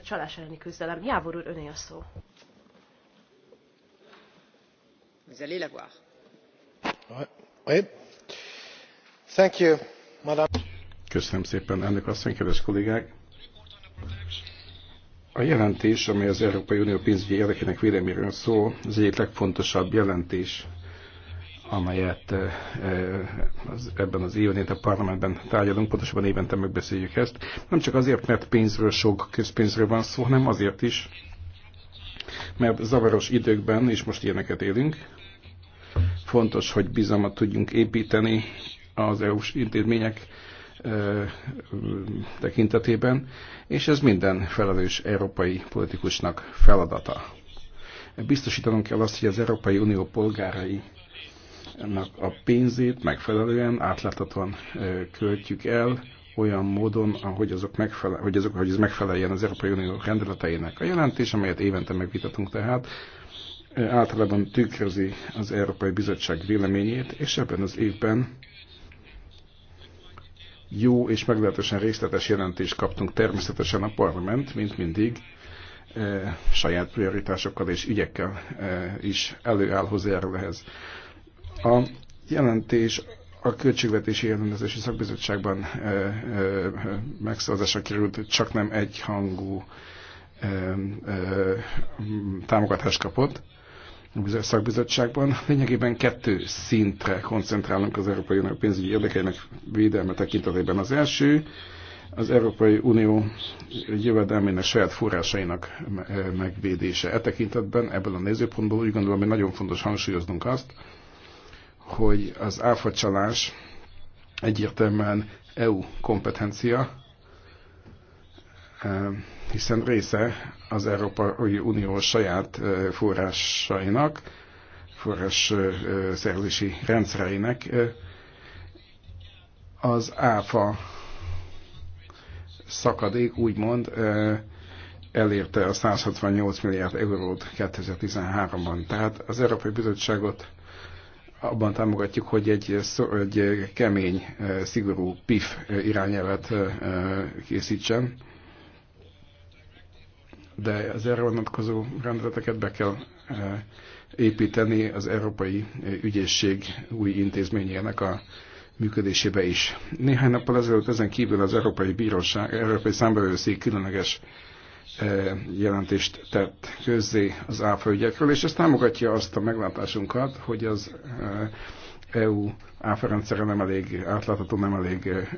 csalás elleni küzdelem. Jávor úr, öné a szó. Vous allez la voir. Oui. Thank you, madame. Köszönöm szépen, elnök asszony, kedves kollégák! A jelentés, amely az Európai Unió pénzügyi érdekének véleményről szól, az egyik legfontosabb jelentés amelyet az, ebben az évben a parlamentben tárgyalunk, pontosabban évente megbeszéljük ezt. Nem csak azért, mert pénzről, sok közpénzről van szó, hanem azért is, mert zavaros időkben, és most ilyeneket élünk, fontos, hogy bizalmat tudjunk építeni az EU-s intézmények tekintetében, és ez minden felelős európai politikusnak feladata. Biztosítanunk kell azt, hogy az Európai Unió polgárai a pénzét megfelelően, átláthatóan költjük el, olyan módon, ahogy, azok megfele, hogy, azok, hogy ez megfeleljen az Európai Unió rendeleteinek. A jelentés, amelyet évente megvitatunk tehát, általában tükrözi az Európai Bizottság véleményét, és ebben az évben jó és meglehetősen részletes jelentést kaptunk természetesen a parlament, mint mindig, saját prioritásokkal és ügyekkel is előáll hozzájárul ehhez. A jelentés a Költségvetési Ellenőrzési Szakbizottságban eh, eh, megszavazásra került, csak nem egyhangú eh, támogatást kapott a szakbizottságban. Lényegében kettő szintre koncentrálunk az Európai Unió pénzügyi érdekeinek védelme tekintetében. Az első az Európai Unió jövedelmének saját forrásainak megvédése. E tekintetben ebből a nézőpontból úgy gondolom, hogy nagyon fontos hangsúlyoznunk azt, hogy az áfa csalás egyértelműen EU kompetencia, e, hiszen része az Európai Unió saját e, forrásainak, forrás e, szerzési rendszereinek. Az áfa szakadék úgymond elérte a 168 milliárd eurót 2013-ban. Tehát az Európai Bizottságot abban támogatjuk, hogy egy, egy kemény, szigorú PIF irányelvet készítsen, de az erre vonatkozó rendeleteket be kell építeni az Európai Ügyészség új intézményének a működésébe is. Néhány nappal ezelőtt ezen kívül az Európai Bíróság, Európai Számbevőszék különleges jelentést tett közzé az áfa ügyekről, és ez támogatja azt a meglátásunkat, hogy az EU áfarendszere nem elég átlátható, nem elég e, e,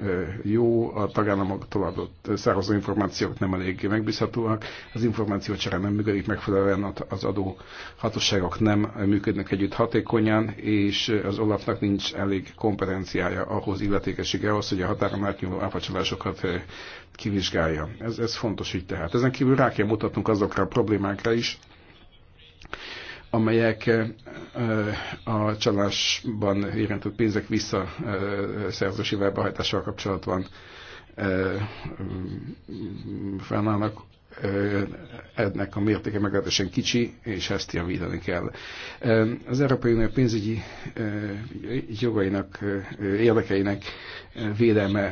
jó, a tagállamoktól adott származó információk nem elég megbízhatóak, az információcsere nem működik megfelelően, az adó hatóságok nem működnek együtt hatékonyan, és az olafnak nincs elég kompetenciája ahhoz, illetékesége ahhoz, hogy a határon átnyúló áfacsalásokat e, kivizsgálja. Ez, ez fontos ügy tehát. Ezen kívül rá kell mutatnunk azokra a problémákra is, amelyek a csalásban érintett pénzek visszaszerzésével behajtással kapcsolatban fennállnak, ennek a mértéke meglehetősen kicsi, és ezt javítani kell. Az Európai Unió pénzügyi jogainak, érdekeinek védelme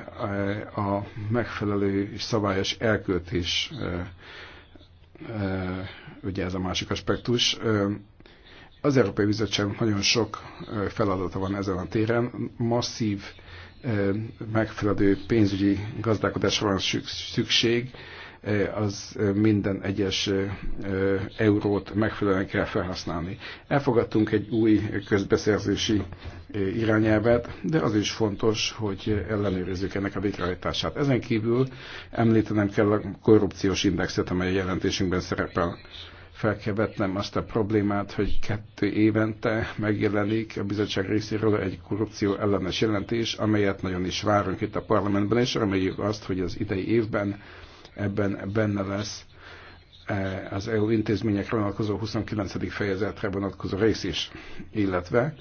a megfelelő és szabályos elköltés ugye ez a másik aspektus. Az Európai Bizottság nagyon sok feladata van ezen a téren. Masszív, megfelelő pénzügyi gazdálkodásra van szükség, Eh, az eh, minden egyes eh, eurót megfelelően kell felhasználni. Elfogadtunk egy új közbeszerzési irányelvet, de az is fontos, hogy ellenőrizzük ennek a végrehajtását. Ezen kívül említenem kell a korrupciós indexet, amely a jelentésünkben szerepel fel kell vetnem azt a problémát, hogy kettő évente megjelenik a bizottság részéről egy korrupció ellenes jelentés, amelyet nagyon is várunk itt a parlamentben, és reméljük azt, hogy az idei évben ebben benne lesz e, az EU intézményekre vonatkozó 29. fejezetre vonatkozó rész is, illetve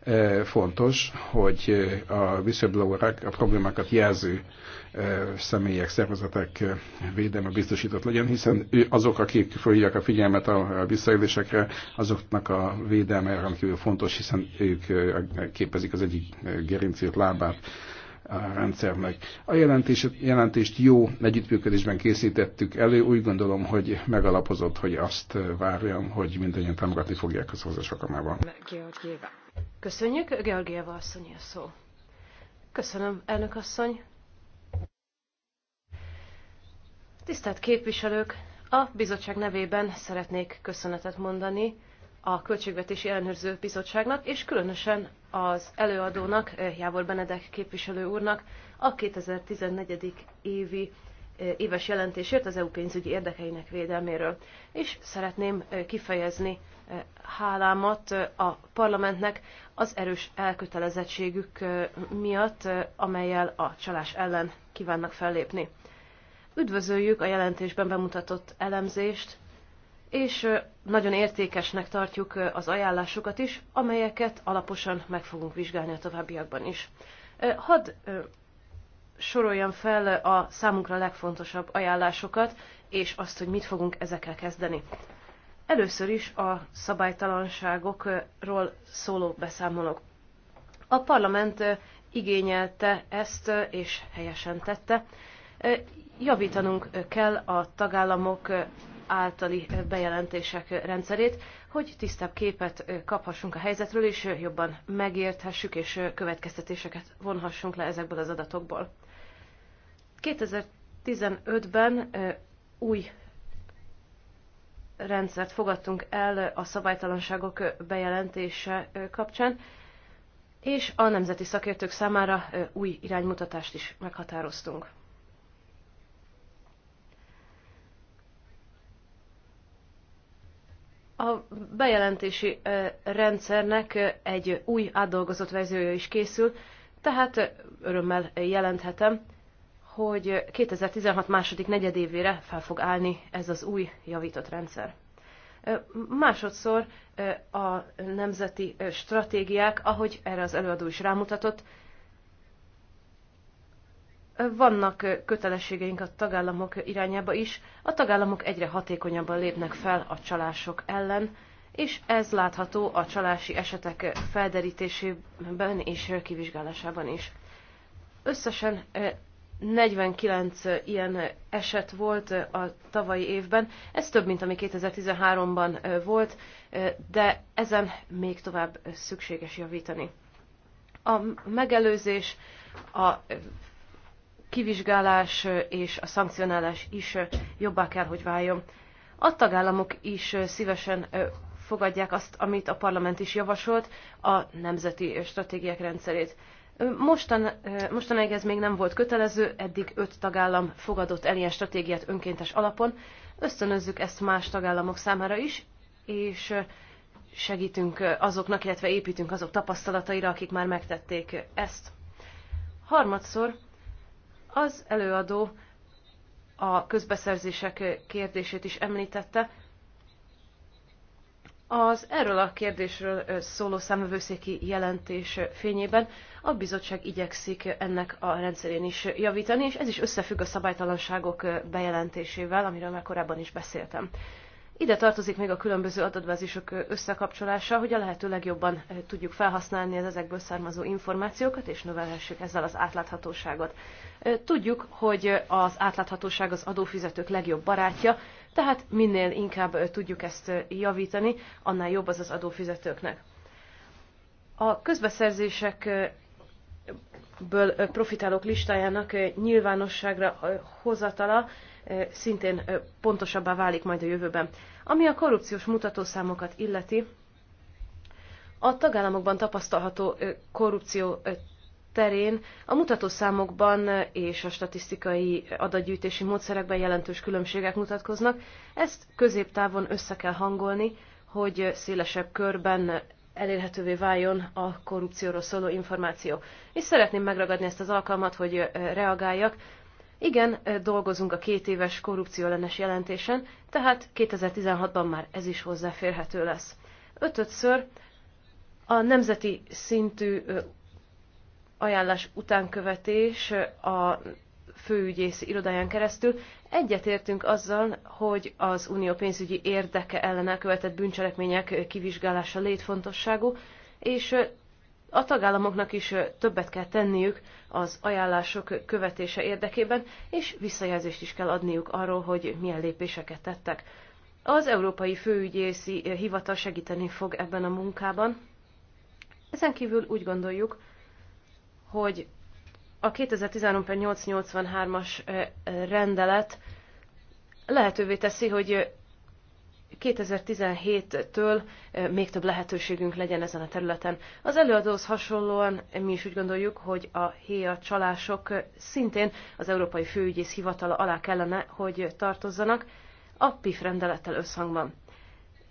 e, fontos, hogy a whistleblowerek, a problémákat jelző e, személyek, szervezetek védelme biztosított legyen, hiszen azok, akik fölhívják a figyelmet a visszaélésekre, azoknak a védelme rendkívül fontos, hiszen ők képezik az egyik gerincét, lábát rendszernek. A jelentést, jelentést jó együttműködésben készítettük elő, úgy gondolom, hogy megalapozott, hogy azt várjam, hogy mindannyian támogatni fogják a szavazás Köszönjük, Georgieva asszony a szó. Köszönöm, elnök asszony. Tisztelt képviselők, a bizottság nevében szeretnék köszönetet mondani a Költségvetési Ellenőrző Bizottságnak, és különösen az előadónak, eh, Jávor Benedek képviselő úrnak a 2014. évi eh, éves jelentésért az EU pénzügyi érdekeinek védelméről. És szeretném eh, kifejezni hálámat a parlamentnek az erős elkötelezettségük miatt, amelyel a csalás ellen kívánnak fellépni. Üdvözöljük a jelentésben bemutatott elemzést, és nagyon értékesnek tartjuk az ajánlásokat is, amelyeket alaposan meg fogunk vizsgálni a továbbiakban is. Hadd soroljam fel a számunkra legfontosabb ajánlásokat, és azt, hogy mit fogunk ezekkel kezdeni. Először is a szabálytalanságokról szóló beszámolók. A parlament igényelte ezt, és helyesen tette. Javítanunk kell a tagállamok általi bejelentések rendszerét, hogy tisztább képet kaphassunk a helyzetről, és jobban megérthessük és következtetéseket vonhassunk le ezekből az adatokból. 2015-ben új rendszert fogadtunk el a szabálytalanságok bejelentése kapcsán, és a nemzeti szakértők számára új iránymutatást is meghatároztunk. A bejelentési rendszernek egy új átdolgozott verziója is készül, tehát örömmel jelenthetem, hogy 2016 második negyedévére fel fog állni ez az új javított rendszer. Másodszor a nemzeti stratégiák, ahogy erre az előadó is rámutatott, vannak kötelességeink a tagállamok irányába is, a tagállamok egyre hatékonyabban lépnek fel a csalások ellen, és ez látható a csalási esetek felderítésében és kivizsgálásában is. Összesen 49 ilyen eset volt a tavalyi évben, ez több, mint ami 2013-ban volt, de ezen még tovább szükséges javítani. A megelőzés, a kivizsgálás és a szankcionálás is jobbá kell, hogy váljon. A tagállamok is szívesen fogadják azt, amit a parlament is javasolt, a nemzeti stratégiák rendszerét. Mostan, mostanáig ez még nem volt kötelező, eddig öt tagállam fogadott el ilyen stratégiát önkéntes alapon. Ösztönözzük ezt más tagállamok számára is, és segítünk azoknak, illetve építünk azok tapasztalataira, akik már megtették ezt. Harmadszor az előadó a közbeszerzések kérdését is említette. Az erről a kérdésről szóló számövőszéki jelentés fényében a bizottság igyekszik ennek a rendszerén is javítani, és ez is összefügg a szabálytalanságok bejelentésével, amiről már korábban is beszéltem. Ide tartozik még a különböző adatbázisok összekapcsolása, hogy a lehető legjobban tudjuk felhasználni az ezekből származó információkat, és növelhessük ezzel az átláthatóságot. Tudjuk, hogy az átláthatóság az adófizetők legjobb barátja, tehát minél inkább tudjuk ezt javítani, annál jobb az az adófizetőknek. A ből profitálók listájának nyilvánosságra hozatala szintén pontosabbá válik majd a jövőben. Ami a korrupciós mutatószámokat illeti, a tagállamokban tapasztalható korrupció terén a mutatószámokban és a statisztikai adatgyűjtési módszerekben jelentős különbségek mutatkoznak. Ezt középtávon össze kell hangolni, hogy szélesebb körben elérhetővé váljon a korrupcióról szóló információ. És szeretném megragadni ezt az alkalmat, hogy reagáljak igen, dolgozunk a két éves korrupcióellenes jelentésen, tehát 2016-ban már ez is hozzáférhető lesz. Ötödször a nemzeti szintű ajánlás utánkövetés a főügyész irodáján keresztül egyetértünk azzal, hogy az unió pénzügyi érdeke ellen elkövetett bűncselekmények kivizsgálása létfontosságú, és a tagállamoknak is többet kell tenniük az ajánlások követése érdekében, és visszajelzést is kell adniuk arról, hogy milyen lépéseket tettek. Az Európai Főügyészi Hivatal segíteni fog ebben a munkában. Ezen kívül úgy gondoljuk, hogy a 2013 83 as rendelet lehetővé teszi, hogy 2017-től eh, még több lehetőségünk legyen ezen a területen. Az előadóhoz hasonlóan mi is úgy gondoljuk, hogy a héja csalások eh, szintén az Európai Főügyész Hivatala alá kellene, hogy tartozzanak a PIF rendelettel összhangban.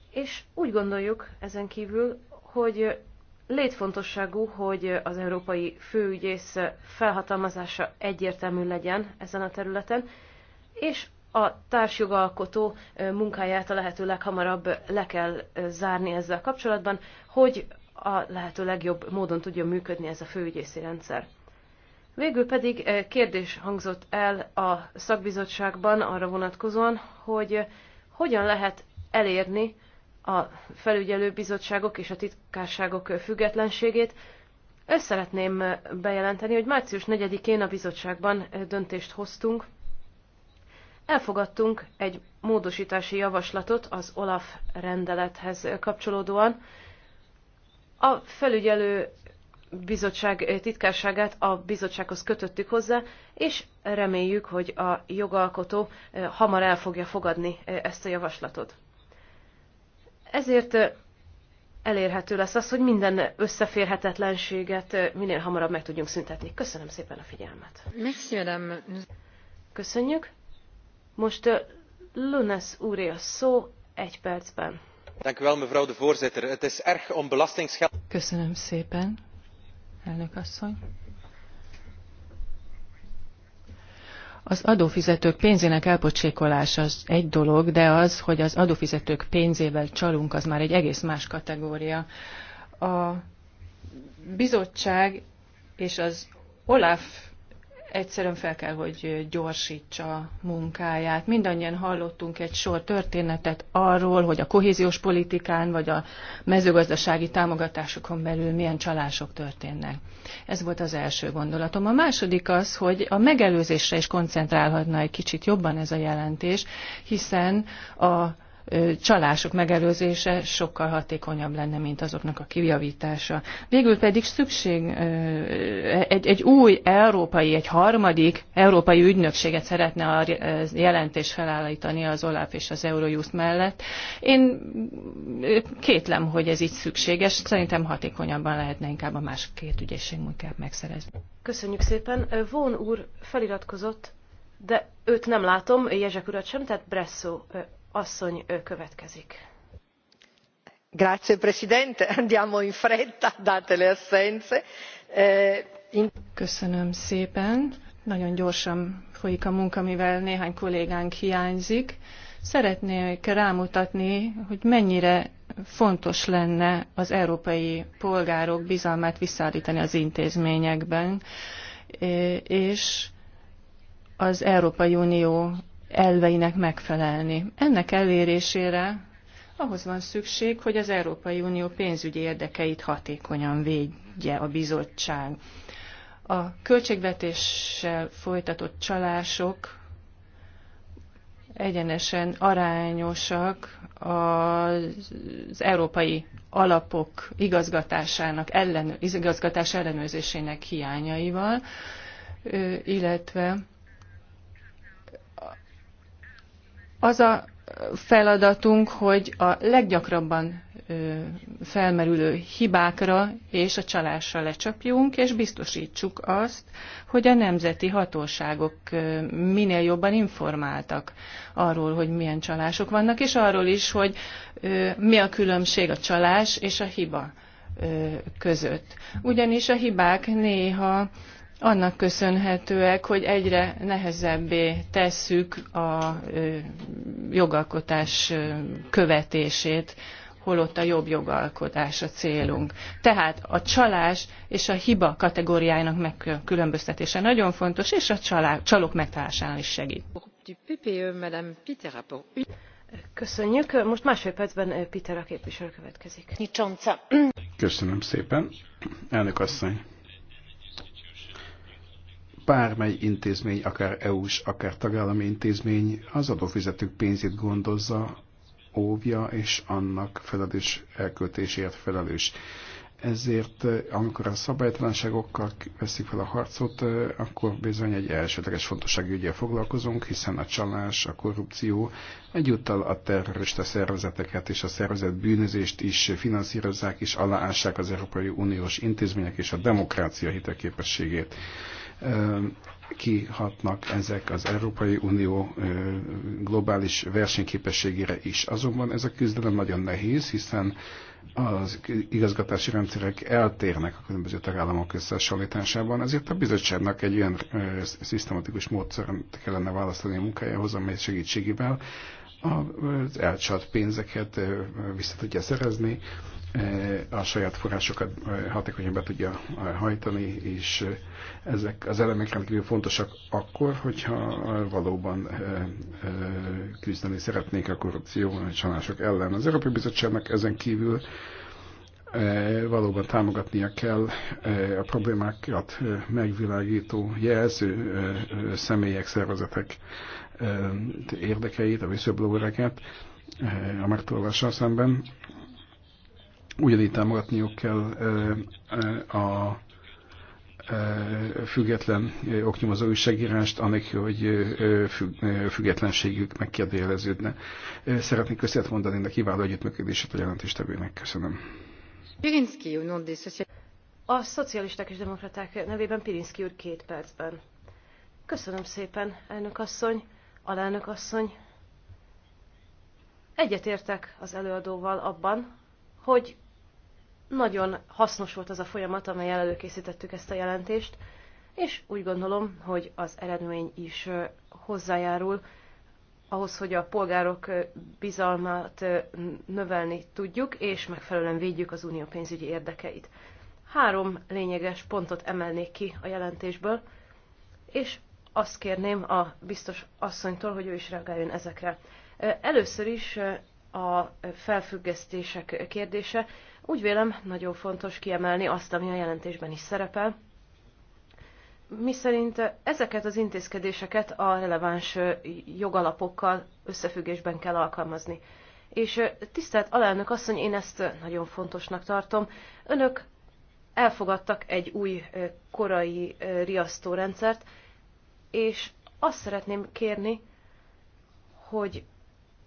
És úgy gondoljuk ezen kívül, hogy létfontosságú, hogy az Európai Főügyész felhatalmazása egyértelmű legyen ezen a területen, és a társjogalkotó munkáját a lehető leghamarabb le kell zárni ezzel kapcsolatban, hogy a lehető legjobb módon tudja működni ez a főügyészi rendszer. Végül pedig kérdés hangzott el a szakbizottságban arra vonatkozóan, hogy hogyan lehet elérni a felügyelőbizottságok és a titkárságok függetlenségét. Ezt szeretném bejelenteni, hogy március 4-én a bizottságban döntést hoztunk, elfogadtunk egy módosítási javaslatot az OLAF rendelethez kapcsolódóan. A felügyelő bizottság titkárságát a bizottsághoz kötöttük hozzá, és reméljük, hogy a jogalkotó eh, hamar el fogja fogadni eh, ezt a javaslatot. Ezért eh, elérhető lesz az, hogy minden összeférhetetlenséget minél hamarabb meg tudjunk szüntetni. Köszönöm szépen a figyelmet. Köszönjük. Most Lunes úr, a szó egy percben. Köszönöm szépen, elnök asszony. Az adófizetők pénzének elpocsékolása az egy dolog, de az, hogy az adófizetők pénzével csalunk, az már egy egész más kategória. A bizottság és az OLAF egyszerűen fel kell, hogy gyorsítsa munkáját. Mindannyian hallottunk egy sor történetet arról, hogy a kohéziós politikán vagy a mezőgazdasági támogatásokon belül milyen csalások történnek. Ez volt az első gondolatom. A második az, hogy a megelőzésre is koncentrálhatna egy kicsit jobban ez a jelentés, hiszen a csalások megelőzése sokkal hatékonyabb lenne, mint azoknak a kijavítása. Végül pedig szükség egy, egy új európai, egy harmadik európai ügynökséget szeretne a jelentés felállítani az OLAF és az Eurojust mellett. Én kétlem, hogy ez így szükséges. Szerintem hatékonyabban lehetne inkább a más két ügyészség munkát megszerezni. Köszönjük szépen. Von úr feliratkozott de őt nem látom, Jezsek urat sem, tehát Bresszó asszony következik. Eh, Köszönöm szépen. Nagyon gyorsan folyik a munka, mivel néhány kollégánk hiányzik. Szeretnék rámutatni, hogy mennyire fontos lenne az európai polgárok bizalmát visszaállítani az intézményekben, eh, és az Európai Unió elveinek megfelelni. Ennek elérésére ahhoz van szükség, hogy az Európai Unió pénzügyi érdekeit hatékonyan védje a bizottság. A költségvetéssel folytatott csalások egyenesen arányosak az európai alapok igazgatásának ellen, igazgatás ellenőrzésének hiányaival, illetve Az a feladatunk, hogy a leggyakrabban felmerülő hibákra és a csalásra lecsapjunk, és biztosítsuk azt, hogy a nemzeti hatóságok minél jobban informáltak arról, hogy milyen csalások vannak, és arról is, hogy mi a különbség a csalás és a hiba között. Ugyanis a hibák néha annak köszönhetőek, hogy egyre nehezebbé tesszük a jogalkotás követését, holott a jobb jogalkotás a célunk. Tehát a csalás és a hiba kategóriájának megkülönböztetése nagyon fontos, és a csalá, csalók megtalálásánál is segít. Köszönjük. Most másfél percben Pitera képviselő következik. Köszönöm szépen. Elnök asszony bármely intézmény, akár EU-s, akár tagállami intézmény az adófizetők pénzét gondozza, óvja, és annak felelős elköltéséért felelős. Ezért, amikor a szabálytalanságokkal veszik fel a harcot, akkor bizony egy elsődleges fontosságú ügyel foglalkozunk, hiszen a csalás, a korrupció egyúttal a terrorista szervezeteket és a szervezet bűnözést is finanszírozzák és aláássák az Európai Uniós intézmények és a demokrácia hiteképességét kihatnak ezek az Európai Unió globális versenyképességére is. Azonban ez a küzdelem nagyon nehéz, hiszen az igazgatási rendszerek eltérnek a különböző tagállamok összehasonlításában, ezért a bizottságnak egy olyan szisztematikus módszert kellene választani a munkájához, amely segítségével az elcsalt pénzeket vissza tudja szerezni, a saját forrásokat hatékonyan be tudja hajtani, és ezek az elemek rendkívül fontosak akkor, hogyha valóban küzdeni szeretnék a korrupció a csalások ellen. Az Európai Bizottságnak ezen kívül valóban támogatnia kell a problémákat megvilágító jelző személyek, szervezetek érdekeit, a whistleblowereket a megtolvással szemben, Ugyanígy támogatniuk kell a független oknyomozó újságírást, anélkül, hogy függetlenségük megkérdőjeleződne. Szeretnék köszönet mondani a kiváló együttműködését a jelentéstevőnek. Köszönöm. A szocialisták és demokraták nevében Pirinszki úr két percben. Köszönöm szépen, elnök asszony, alelnök asszony. Egyetértek az előadóval abban, hogy nagyon hasznos volt az a folyamat, amelyel előkészítettük ezt a jelentést, és úgy gondolom, hogy az eredmény is hozzájárul ahhoz, hogy a polgárok bizalmát növelni tudjuk, és megfelelően védjük az unió pénzügyi érdekeit. Három lényeges pontot emelnék ki a jelentésből, és azt kérném a biztos asszonytól, hogy ő is reagáljon ezekre. Először is a felfüggesztések kérdése. Úgy vélem, nagyon fontos kiemelni azt, ami a jelentésben is szerepel, miszerint ezeket az intézkedéseket a releváns jogalapokkal összefüggésben kell alkalmazni. És tisztelt alelnök asszony, én ezt nagyon fontosnak tartom. Önök elfogadtak egy új korai riasztórendszert, és azt szeretném kérni, hogy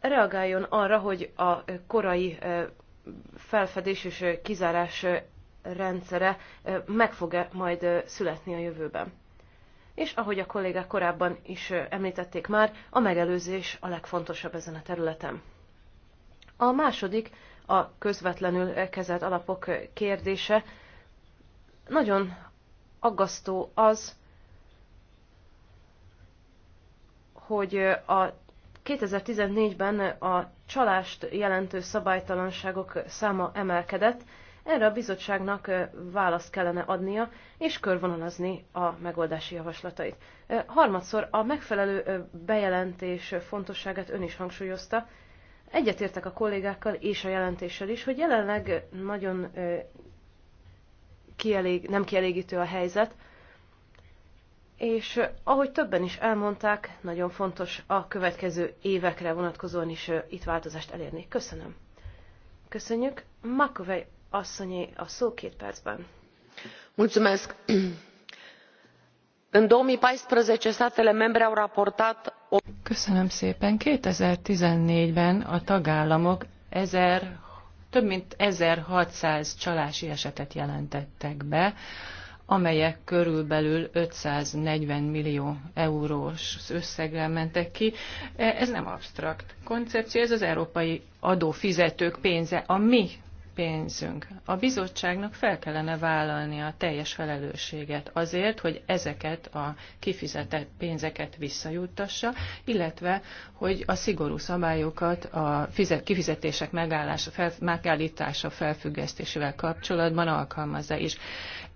reagáljon arra, hogy a korai felfedés és kizárás rendszere meg fog-e majd születni a jövőben. És ahogy a kollégák korábban is említették már, a megelőzés a legfontosabb ezen a területen. A második, a közvetlenül kezelt alapok kérdése. Nagyon aggasztó az, hogy a 2014-ben a csalást jelentő szabálytalanságok száma emelkedett, erre a bizottságnak választ kellene adnia, és körvonalazni a megoldási javaslatait. Harmadszor a megfelelő bejelentés fontosságát ön is hangsúlyozta. Egyetértek a kollégákkal és a jelentéssel is, hogy jelenleg nagyon kielég, nem kielégítő a helyzet, és eh, ahogy többen is elmondták, nagyon fontos a következő évekre vonatkozóan is eh, itt változást elérni. Köszönöm. Köszönjük. Makovej asszonyé a szó két percben. Mulțumesc. În 2014 statele membre au raportat... Köszönöm szépen. 2014-ben a tagállamok 1000, több mint 1600 csalási esetet jelentettek be amelyek körülbelül 540 millió eurós összeggel mentek ki. E, ez nem absztrakt koncepció, ez az európai adófizetők pénze, a mi pénzünk. A bizottságnak fel kellene vállalni a teljes felelősséget azért, hogy ezeket a kifizetett pénzeket visszajuttassa, illetve, hogy a szigorú szabályokat a fizet, kifizetések megállása, fel, megállítása, felfüggesztésével kapcsolatban alkalmazza is.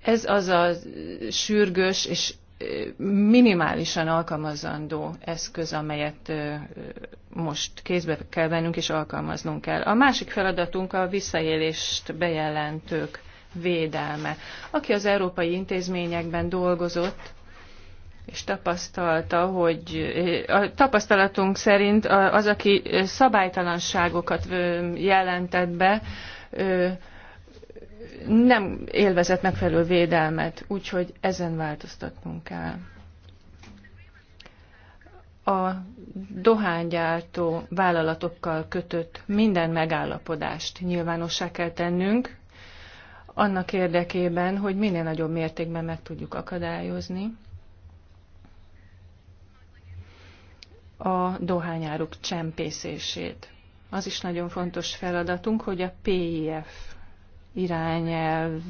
Ez az a sürgős és minimálisan alkalmazandó eszköz, amelyet most kézbe kell vennünk és alkalmaznunk kell. A másik feladatunk a visszaélést bejelentők védelme. Aki az európai intézményekben dolgozott, és tapasztalta, hogy a tapasztalatunk szerint az, aki szabálytalanságokat jelentett be, nem élvezett megfelelő védelmet, úgyhogy ezen változtatnunk kell. A dohánygyártó vállalatokkal kötött minden megállapodást nyilvánossá kell tennünk, annak érdekében, hogy minél nagyobb mértékben meg tudjuk akadályozni a dohányáruk csempészését. Az is nagyon fontos feladatunk, hogy a PIF irányelvet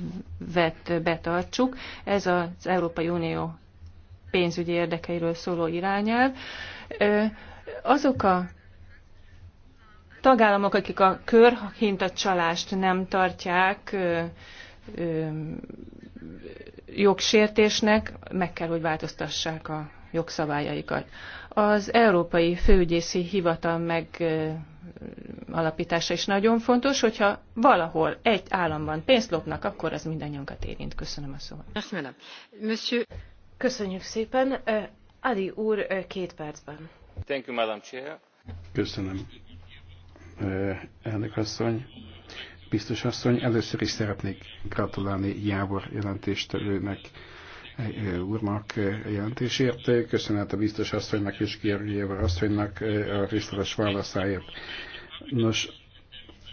betartsuk. Ez az Európai Unió pénzügyi érdekeiről szóló irányelv. Azok a tagállamok, akik a csalást nem tartják jogsértésnek, meg kell, hogy változtassák a jogszabályaikat. Az Európai Főügyészi Hivatal meg alapítása is nagyon fontos, hogyha valahol egy államban pénzt lopnak, akkor az mindannyiunkat érint. Köszönöm a szót. Köszönjük szépen. Adi úr, két percben. Thank you, Madam Chair. Köszönöm. Elnök asszony, biztos asszony, először is szeretnék gratulálni Jávor jelentéstevőnek úrnak jelentésért. Köszönet a biztos asszonynak és Georgieva asszonynak a részletes válaszáért. Nos,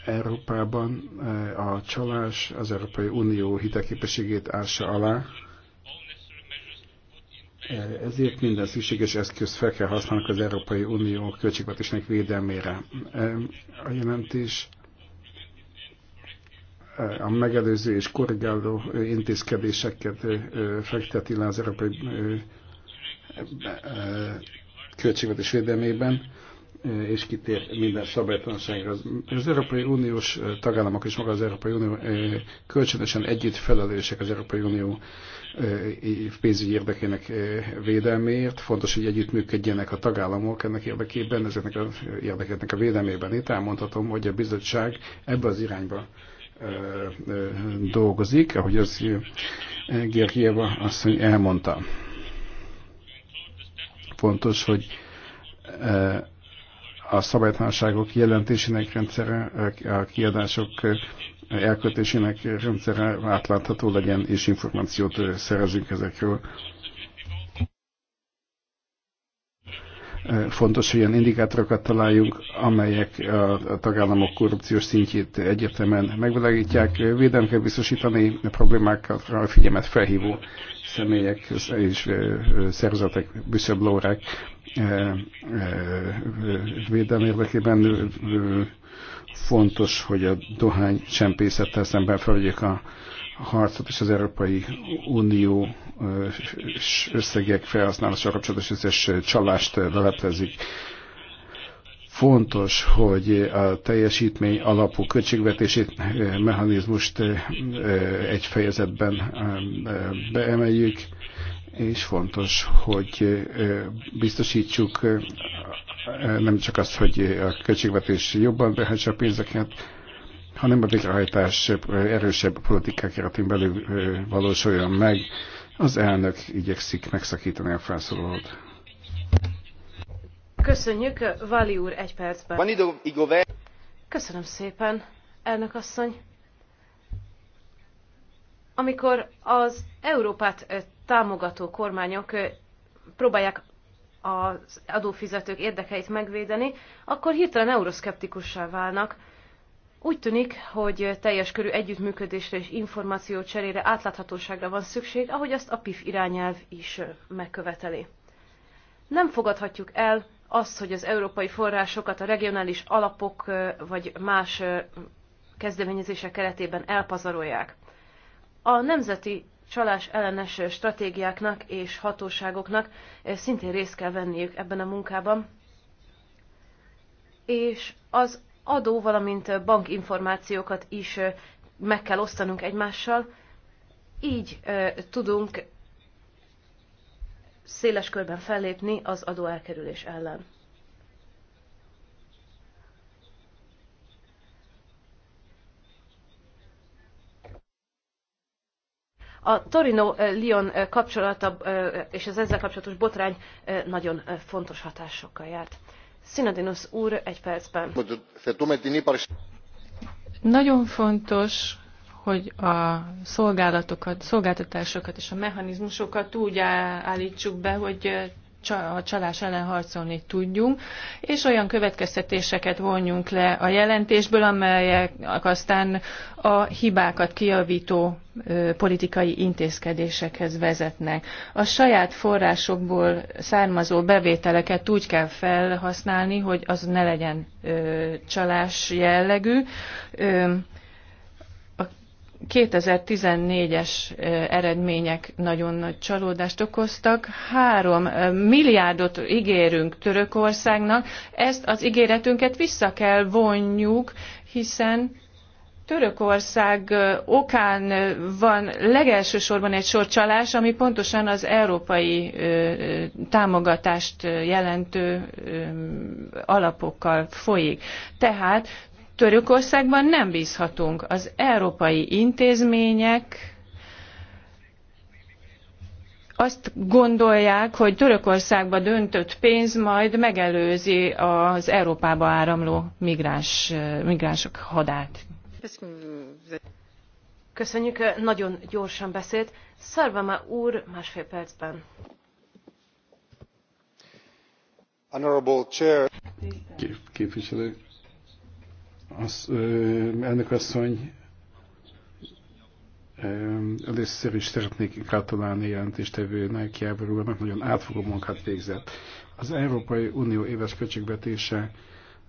Európában eh, a csalás az Európai Unió hitelképességét ássa alá, eh, ezért minden szükséges eszköz fel kell használni az Európai Unió költségvetésnek védelmére. Eh, a jelentés a megelőző és korrigáló intézkedéseket fekteti le az Európai Költségvetés védelmében és kitér minden szabálytalanságra. Az Európai Uniós tagállamok és maga az Európai Unió kölcsönösen együtt felelősek az Európai Unió pénzügyi érdekének védelméért. Fontos, hogy együttműködjenek a tagállamok ennek érdekében, ezeknek az érdekeknek a védelmében. Itt elmondhatom, hogy a bizottság ebbe az irányba dolgozik, ahogy az Gergieva asszony elmondta. Fontos, hogy a szabálytalanságok jelentésének rendszere, a kiadások elkötésének rendszere átlátható legyen, és információt szerezünk ezekről. Fontos, hogy ilyen indikátorokat találjunk, amelyek a tagállamok korrupciós szintjét egyetemen megvilágítják. Védelmet kell biztosítani a problémákra a figyelmet felhívó személyek és szervezetek, büszöblórák, védelme érdekében fontos, hogy a dohány csempészettel szemben felvegyék a harcot és az Európai Unió összegek felhasználása kapcsolatos összes csalást leleplezik. Fontos, hogy a teljesítmény alapú költségvetési mechanizmust egy fejezetben beemeljük és fontos, hogy biztosítsuk nem csak azt, hogy a költségvetés jobban behetse a pénzeket, hanem a végrehajtás erősebb politikák keretén belül valósuljon meg. Az elnök igyekszik megszakítani a felszólalót. Köszönjük, Vali úr, egy percben. Van idő, Köszönöm szépen, elnök asszony. Amikor az Európát támogató kormányok próbálják az adófizetők érdekeit megvédeni, akkor hirtelen euroszkeptikussá válnak. Úgy tűnik, hogy teljes körű együttműködésre és információ cserére átláthatóságra van szükség, ahogy azt a PIF irányelv is megköveteli. Nem fogadhatjuk el azt, hogy az európai forrásokat a regionális alapok vagy más kezdeményezések keretében elpazarolják. A nemzeti csalás ellenes stratégiáknak és hatóságoknak eh, szintén részt kell venniük ebben a munkában. És az adó, valamint bankinformációkat is eh, meg kell osztanunk egymással, így eh, tudunk széles körben fellépni az adóelkerülés ellen. A Torino-Lyon eh, eh, kapcsolata eh, és az ezzel kapcsolatos botrány nagyon fontos hatásokkal járt. Sinadinos úr, egy percben. Nagyon fontos, hogy a szolgálatokat, szolgáltatásokat és a mechanizmusokat úgy állítsuk be, hogy a csalás ellen harcolni tudjunk, és olyan következtetéseket vonjunk le a jelentésből, amelyek aztán a hibákat kijavító politikai intézkedésekhez vezetnek. A saját forrásokból származó bevételeket úgy kell felhasználni, hogy az ne legyen csalás jellegű. 2014-es eredmények nagyon nagy csalódást okoztak. Három milliárdot ígérünk Törökországnak, ezt az ígéretünket vissza kell vonjuk, hiszen Törökország okán van legelsősorban egy sor csalás, ami pontosan az európai támogatást jelentő alapokkal folyik. Tehát Törökországban nem bízhatunk. Az európai intézmények azt gondolják, hogy Törökországba döntött pénz majd megelőzi az Európába áramló migráns, migránsok hadát. Köszönjük, nagyon gyorsan beszélt. Szarvama úr, másfél percben. Honorable Chair. Kép, képviselő az elnökasszony, először is szeretnék gratulálni jelentéstevőnek, Jábor mert nagyon átfogó munkát végzett. Az Európai Unió éves költségvetése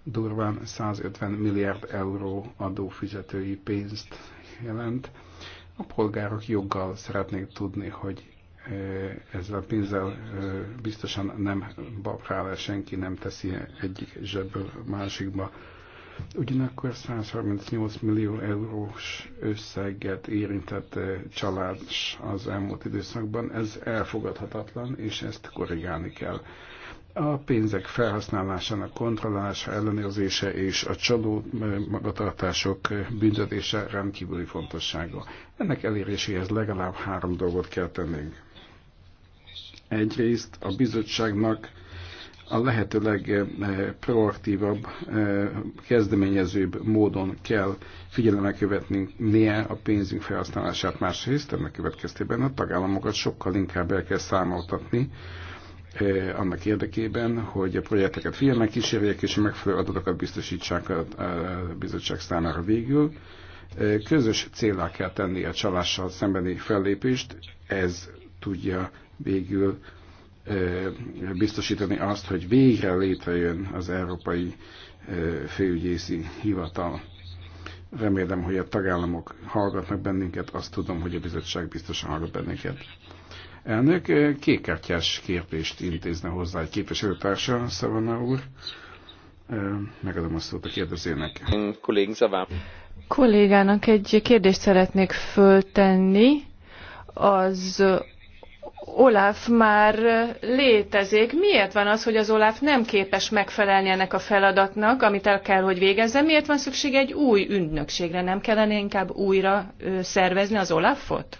durván 150 milliárd euró adófizetői pénzt jelent. A polgárok joggal szeretnék tudni, hogy ezzel a pénzzel biztosan nem babrál senki, nem teszi egyik zsebből másikba. Ugyanakkor 138 millió eurós összeget érintett eh, család az elmúlt időszakban. Ez elfogadhatatlan, és ezt korrigálni kell. A pénzek felhasználásának kontrollálása, ellenőrzése és a csaló eh, magatartások eh, büntetése rendkívüli fontossága. Ennek eléréséhez legalább három dolgot kell tennünk. Egyrészt a bizottságnak a lehető legproaktívabb, e, kezdeményezőbb módon kell figyelemmel néha a pénzünk felhasználását. Másrészt ennek következtében a tagállamokat sokkal inkább el kell számoltatni, e, annak érdekében, hogy a projekteket figyelmen kísérjék és megfelelő adatokat biztosítsák a bizottság számára végül. E, közös célá kell tenni a csalással szembeni fellépést, ez tudja végül biztosítani azt, hogy végre létrejön az Európai Főügyészi Hivatal. Remélem, hogy a tagállamok hallgatnak bennünket, azt tudom, hogy a bizottság biztosan hallgat bennünket. Elnök kékkártyás kérdést intézne hozzá egy képviselőtársa, Szavanna úr. Megadom a szót a kérdezőnek. Kollégának egy kérdést szeretnék föltenni. Az Olaf már létezik. Miért van az, hogy az Olaf nem képes megfelelni ennek a feladatnak, amit el kell, hogy végezzen? Miért van szükség egy új ügynökségre? Nem kellene inkább újra szervezni az Olafot?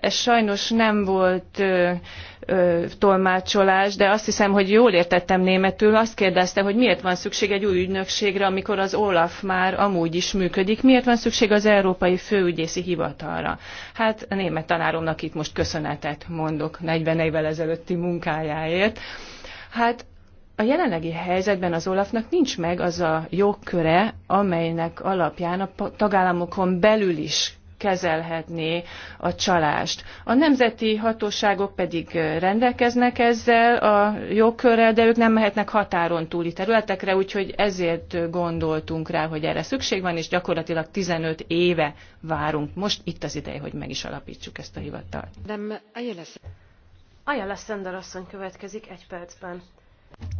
ez sajnos nem volt ö, ö, tolmácsolás, de azt hiszem, hogy jól értettem németül. Azt kérdezte, hogy miért van szükség egy új ügynökségre, amikor az OLAF már amúgy is működik. Miért van szükség az Európai Főügyészi Hivatalra? Hát a német tanáromnak itt most köszönetet mondok 40 évvel ezelőtti munkájáért. Hát a jelenlegi helyzetben az Olafnak nincs meg az a jogköre, amelynek alapján a tagállamokon belül is kezelhetné a csalást. A nemzeti hatóságok pedig rendelkeznek ezzel a jogkörrel, de ők nem mehetnek határon túli területekre, úgyhogy ezért gondoltunk rá, hogy erre szükség van, és gyakorlatilag 15 éve várunk. Most itt az ideje, hogy meg is alapítsuk ezt a hivatalt. Nem, Ajala Szendar asszony következik egy percben.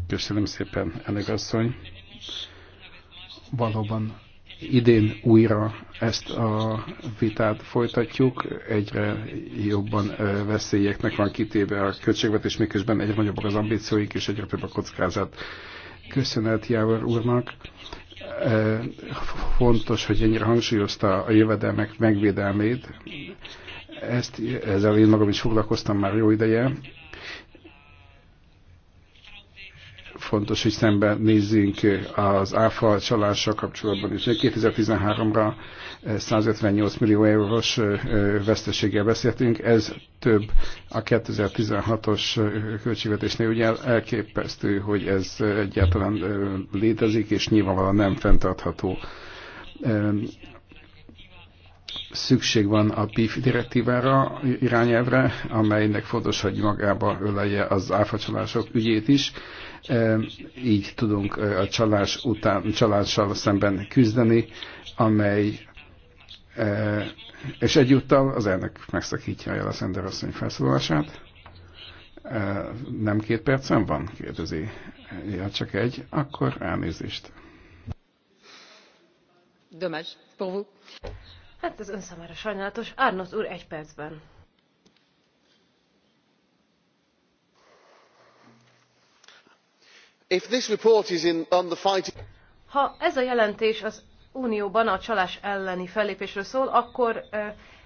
Köszönöm szépen, Elég asszony. Valóban Idén újra ezt a vitát folytatjuk, egyre jobban veszélyeknek van kitéve a költségvetés, miközben egyre nagyobbak az ambícióik és egyre több a kockázat. Köszönet Jávor úrnak fontos, hogy ennyire hangsúlyozta a jövedelmek megvédelmét. Ezt, ezzel én magam is foglalkoztam már jó ideje. fontos, hogy szemben nézzünk az áfa csalással kapcsolatban is. 2013-ra 158 eh, millió eurós eh, veszteséggel beszéltünk, ez több a 2016-os eh, költségvetésnél. Ugye elképesztő, hogy ez egyáltalán létezik, és nyilvánvalóan nem fenntartható szükség van a PIF direktívára, irányelvre, amelynek fontos, hogy magába ölelje az áfacsalások ügyét is, így tudunk a csalás után, csalással szemben küzdeni, amely és egyúttal az elnök megszakítja el a Szender asszony felszólalását. Nem két percem van? Kérdezi. Ja, csak egy. Akkor elnézést. Dömes, Hát ez ön számára sajnálatos. Árnott úr egy percben. ha ez a jelentés az unióban a csalás elleni fellépésről szól akkor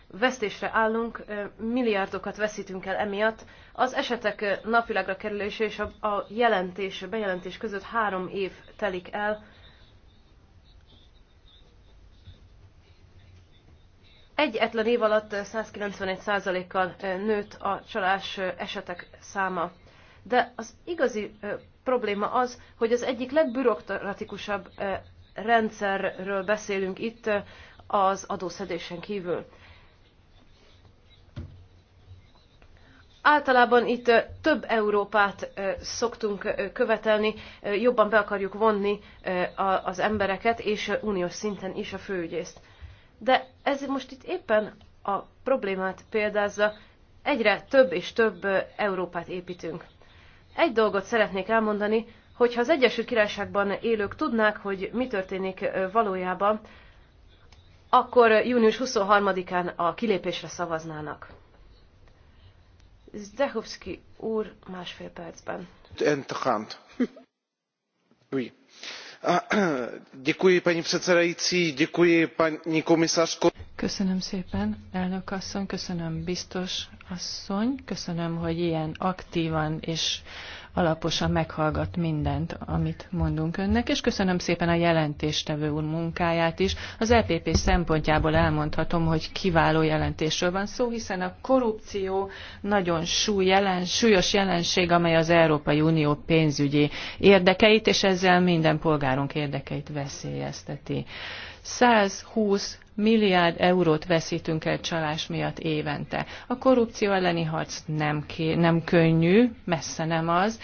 vesztésre állunk milliárdokat vesztünk el emiatt az esetek napvilágra kerülése és a jelentés bejelentés között három év telik el egyetlen év alatt 191 százalékkal nőtt a csalás esetek száma de az igazi probléma az, hogy az egyik legbürokratikusabb rendszerről beszélünk itt az adószedésen kívül. Általában itt több Európát szoktunk követelni, jobban be akarjuk vonni az embereket, és uniós szinten is a főügyészt. De ez most itt éppen a problémát példázza, egyre több és több Európát építünk. Egy dolgot szeretnék elmondani, hogyha az Egyesült Királyságban élők tudnák, hogy mi történik valójában, akkor június 23-án a kilépésre szavaznának. Zdehovszki úr másfél percben. Entacant. Oui paní předsedající děkuji paní komisařko. köszönöm szépen elnök köszönöm biztos asszony köszönöm hogy ilyen aktívan és alaposan meghallgat mindent, amit mondunk önnek, és köszönöm szépen a jelentéstevő úr munkáját is. Az EPP szempontjából elmondhatom, hogy kiváló jelentésről van szó, hiszen a korrupció nagyon súly jelen, súlyos jelenség, amely az Európai Unió pénzügyi érdekeit, és ezzel minden polgárunk érdekeit veszélyezteti. 120 milliárd eurót veszítünk el csalás miatt évente. A korrupció elleni harc nem, ké, nem könnyű, messze nem az,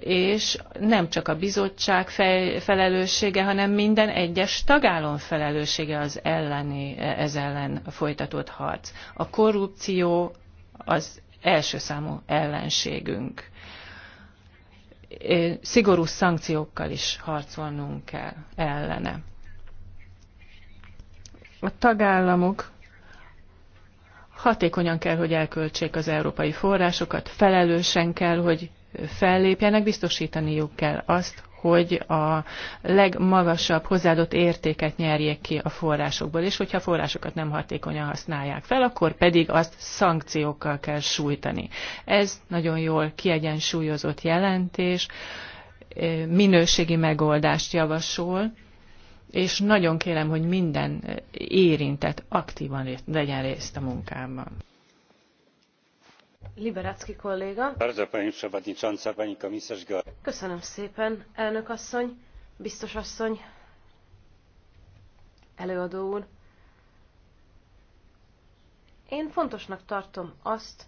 és nem csak a bizottság fej, felelőssége, hanem minden egyes tagállam felelőssége az elleni, ez ellen folytatott harc. A korrupció az első számú ellenségünk. Szigorú szankciókkal is harcolnunk kell ellene a tagállamok hatékonyan kell, hogy elköltsék az európai forrásokat, felelősen kell, hogy fellépjenek, biztosítaniuk kell azt, hogy a legmagasabb hozzáadott értéket nyerjék ki a forrásokból, és hogyha forrásokat nem hatékonyan használják fel, akkor pedig azt szankciókkal kell sújtani. Ez nagyon jól kiegyensúlyozott jelentés, minőségi megoldást javasol, és nagyon kérem, hogy minden érintett aktívan legyen részt a munkában. Liberacki kolléga. Köszönöm szépen, elnök asszony, biztos asszony, előadó úr. Én fontosnak tartom azt,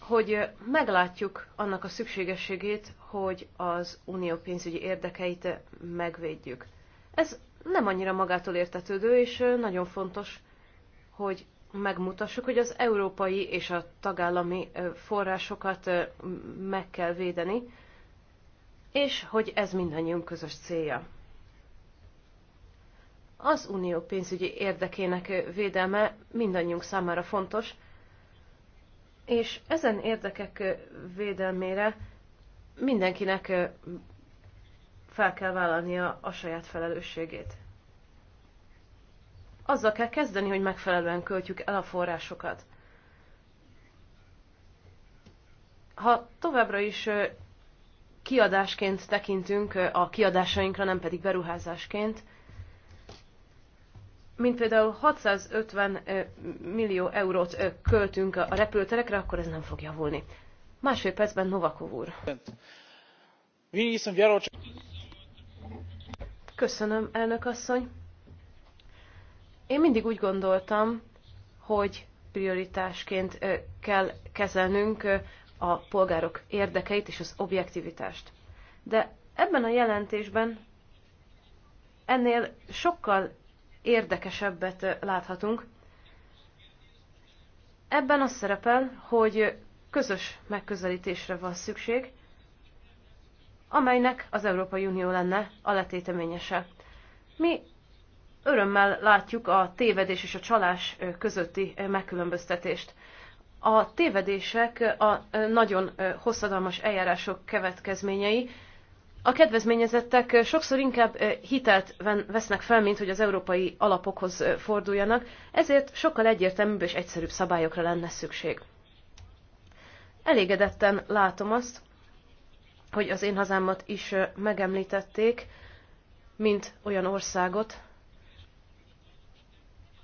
hogy meglátjuk annak a szükségességét, hogy az unió pénzügyi érdekeit megvédjük. Ez nem annyira magától értetődő, és nagyon fontos, hogy megmutassuk, hogy az európai és a tagállami forrásokat meg kell védeni, és hogy ez mindannyiunk közös célja. Az unió pénzügyi érdekének védelme mindannyiunk számára fontos, és ezen érdekek védelmére mindenkinek fel kell vállalnia a saját felelősségét. Azzal kell kezdeni, hogy megfelelően költjük el a forrásokat. Ha továbbra is kiadásként tekintünk a kiadásainkra, nem pedig beruházásként, mint például 650 millió eurót költünk a repülőterekre, akkor ez nem fog javulni. Másfél percben Novakov úr. Köszönöm, elnök asszony. Én mindig úgy gondoltam, hogy prioritásként kell kezelnünk a polgárok érdekeit és az objektivitást. De ebben a jelentésben ennél sokkal érdekesebbet láthatunk. Ebben az szerepel, hogy közös megközelítésre van szükség, amelynek az Európai Unió lenne a letéteményese. Mi örömmel látjuk a tévedés és a csalás közötti megkülönböztetést. A tévedések a nagyon hosszadalmas eljárások következményei. A kedvezményezettek sokszor inkább hitelt vesznek fel, mint hogy az európai alapokhoz forduljanak, ezért sokkal egyértelműbb és egyszerűbb szabályokra lenne szükség. Elégedetten látom azt, hogy az én hazámat is megemlítették, mint olyan országot,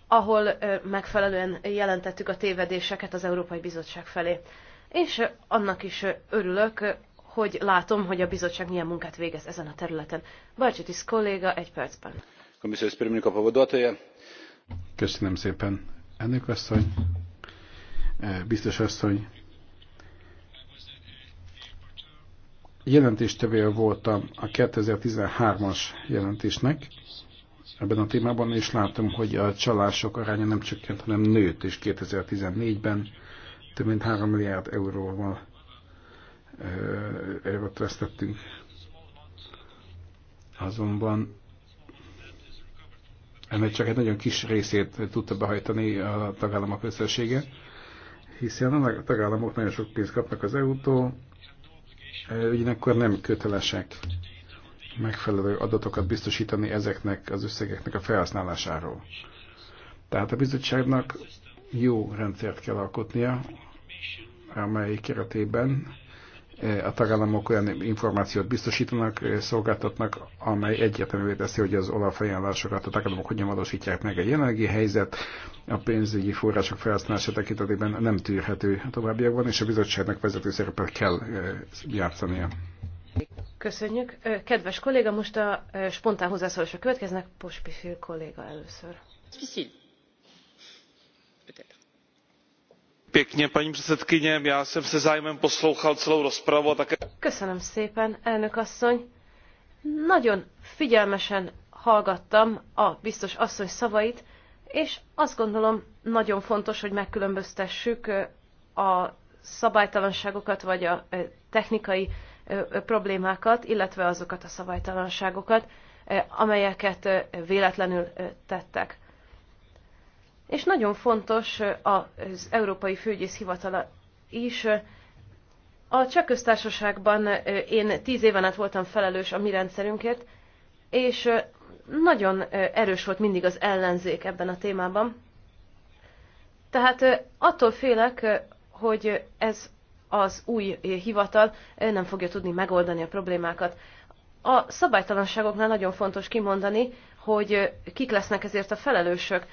ahol megfelelően jelentettük a tévedéseket az Európai Bizottság felé. És annak is örülök, hogy látom, hogy a bizottság milyen munkát végez ezen a területen. Balcsitis kolléga egy percben. Köszönöm szépen. Ennek asszony, e, biztos asszony, jelentéstevője voltam a 2013-as jelentésnek ebben a témában, és látom, hogy a csalások aránya nem csökkent, hanem nőtt, és 2014-ben több mint 3 milliárd euróval eurót vesztettünk. Azonban ennek csak egy nagyon kis részét tudta behajtani a tagállamok összessége, hiszen a tagállamok nagyon sok pénzt kapnak az EU-tól, ugyanakkor nem kötelesek megfelelő adatokat biztosítani ezeknek az összegeknek a felhasználásáról. Tehát a bizottságnak jó rendszert kell alkotnia, amely keretében a tagállamok olyan információt biztosítanak, szolgáltatnak, amely egyértelművé teszi, hogy az olaf a tagállamok hogyan valósítják meg. A jelenlegi helyzet a pénzügyi források felhasználása tekintetében nem tűrhető a továbbiakban, és a bizottságnak vezető szerepet kell játszania. Köszönjük. Kedves kolléga, most a spontán hozzászólások következnek. Pospisil kolléga először. Spisil paní předsedající já jsem se zájmem poslouchal celou rozpravu a také. köszönöm szépen elnök nagyon figyelmesen hallgattam a biztos asszony szavait és azt gondolom nagyon fontos hogy megkülönböztessük a szabálytalanságokat vagy a technikai problémákat illetve azokat a szabálytalanságokat amelyeket véletlenül tettek és nagyon fontos az Európai Főgyész Hivatala is. A cseh köztársaságban én tíz éven át voltam felelős a mi rendszerünkért, és nagyon erős volt mindig az ellenzék ebben a témában. Tehát attól félek, hogy ez az új hivatal nem fogja tudni megoldani a problémákat. A szabálytalanságoknál nagyon fontos kimondani, hogy kik lesznek ezért a felelősök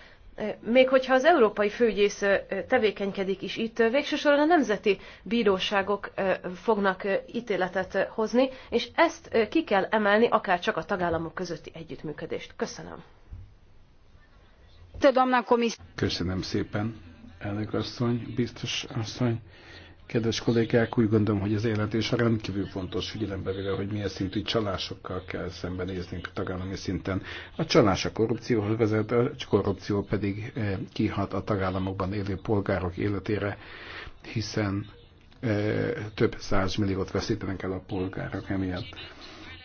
még hogyha az európai főgyész tevékenykedik is itt, végső soron a nemzeti bíróságok fognak ítéletet hozni, és ezt ki kell emelni akár csak a tagállamok közötti együttműködést. Köszönöm. Köszönöm szépen, elnök asszony, biztos asszony. Kedves kollégák, úgy gondolom, hogy az a rendkívül fontos figyelembe véve, hogy milyen szintű csalásokkal kell szembenéznünk a tagállami szinten. A csalás a korrupcióhoz vezet, a korrupció pedig eh, kihat a tagállamokban élő polgárok életére, hiszen eh, több százmilliót veszítenek el a polgárok emiatt.